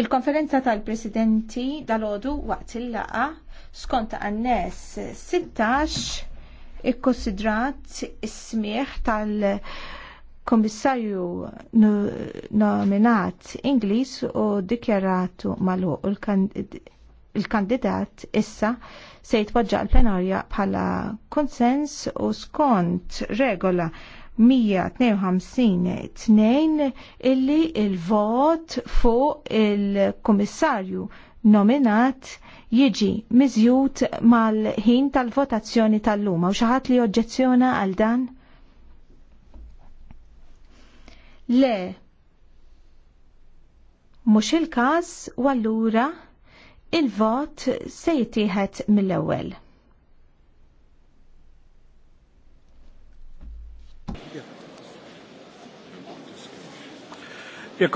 Il-konferenza tal-presidenti dal-ħodu waqt il-laqa skont għannes 16 ikkonsidrat is-smieħ tal- komissarju nominat Ingliż u dikjaratu malu il-kandidat issa se jitpoġġa l-plenarja bħala konsens u skont regola 152 tnejn illi il-vot fuq il-komissarju nominat jiġi miżjut mal-ħin tal-votazzjoni tal-luma u xaħat li oġġezzjona għal dan? Le, mux il-kas u allura il-vot se jittieħed mill-ewwel. Yeah.